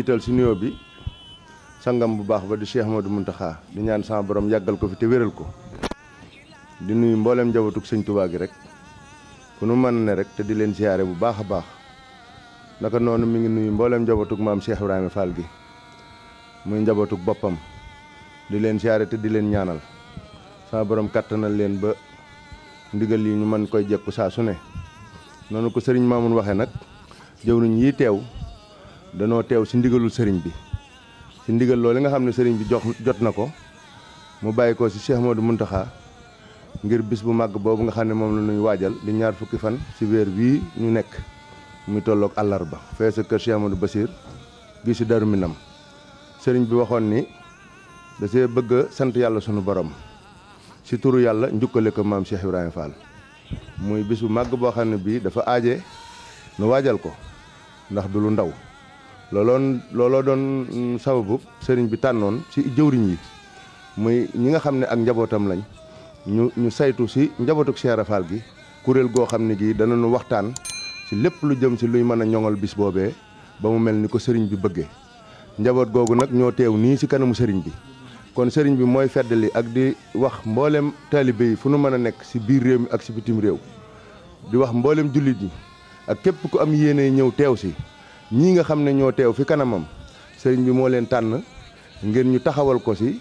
jiital si nuyoo bi sangam bu baax ba di Cheikh Ahmadou Mountakha di ñaan sama borom yàggal ko fi te wéral ko di nuyu mboolem njabootug sëñ Tuubaa gi rek ku nu mën ne rek te di leen siyaare bu baax a baax naka noonu mi ngi nuyu mboolem njabootug maam Cheikh Ibrahima Fall gi muy njabootug boppam di leen siyaare te di leen ñaanal sama borom kattanal leen ba ndigal yi ñu mën koy jekku saa su ne noonu ko sëriñ Mamoun waxee nag jëwriñ yi teew. danoo teew si ndigalul sëriñ bi si ndigal loolu nga xam ne sëriñ bi jox jot na ko mu bàyyi ko ci Cheikh Modou Mountakha ngir bis bu màgg boobu nga xam ne moom la ñuy waajal di ñaar fukki fan si weer wii ñu nekk muy tolloog ba fee sa kër du Modou Bassir si ci Darou Minam sëriñ bi waxoon ni da see bëgg sant yàlla sunu borom si turu yàlla njukkale ko maam Cheikh Ibrahima Fall muy bis bu màgg boo xam ne bii dafa aaje nu waajal ko ndax du ndaw looloon looloo doon mm, sababu sëriñ bi tànnoon ci jëwriñ yi muy ñi nga xam ne ak njabootam lañ ñu ñu saytu si njabootuk Cheikh Ibra gi kuréel goo xam ne gii danañu waxtaan si lépp lu jëm ci luy mën a ñoŋal bis boobee ba mu mel ni ko sëriñ bi bëggee njaboot googu nag ñoo teew nii si kanamu sëriñ bi kon sëriñ bi mooy feddali ak di wax mbooleem taalibe yi fu nu mën a nekk ci biir réew mi ak ci bitim réew di wax mbooleem jullit yi ak képp ku am yéene ñëw teew si ñii nga xam ne ñoo teew fi kanamam sëriñ bi moo leen tànn ngir ñu taxawal ko si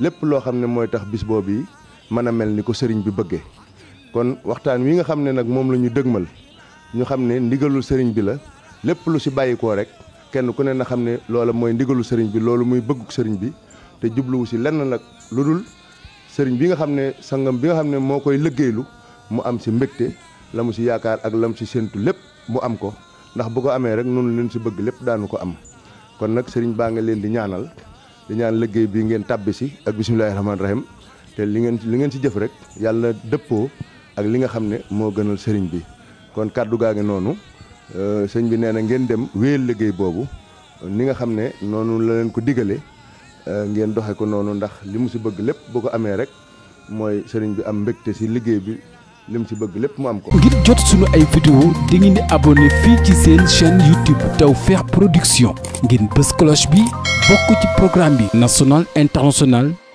lépp loo xam ne mooy tax bis boo bi mën a mel ni ko sëriñ bi bëggee kon waxtaan wi nga xam ne nag moom la ñu dëgmal ñu xam ne ndigalul sëriñ bi la lépp lu si bàyyikoo rek kenn ku ne na xam ne loola mooy ndigalul sëriñ bi loolu muy bëgguk sëriñ bi te jubluwu si lenn nag lu dul sëriñ bi nga xam ne sangam bi nga xam ne moo koy lëggéeylu mu am si mbégte la mu si yaakaar ak la mu si séntu lépp mu am ko ndax bu ko amee rek noonu leen si bëgg lépp daanu ko am kon nag sëriñ baa nga leen di ñaanal di ñaan liggéey bi ngeen tàbbi si ak bisimilahi rahmaani rahim te li ngeen li ngeen si jëf rek yàlla dëppoo ak li nga xam ne moo gënal sëriñ bi kon kàddu gaa ngi noonu euh, sëñ bi nee na ngeen dem wéyal liggéey boobu ni nga xam ne noonu la leen ko digale euh, ngeen doxe ko noonu ndax li mu si bëgg lépp bu ko amee rek mooy sëriñ bi am mbégte si liggéey bi li mu ci bëgg lépp mu am ko. ngir jot sunu ay vidéo di ngeen di abonné fii ci seen chaîne YouTube Tawfekh Production ngeen bës cloche bi bokk ci programme bi national international.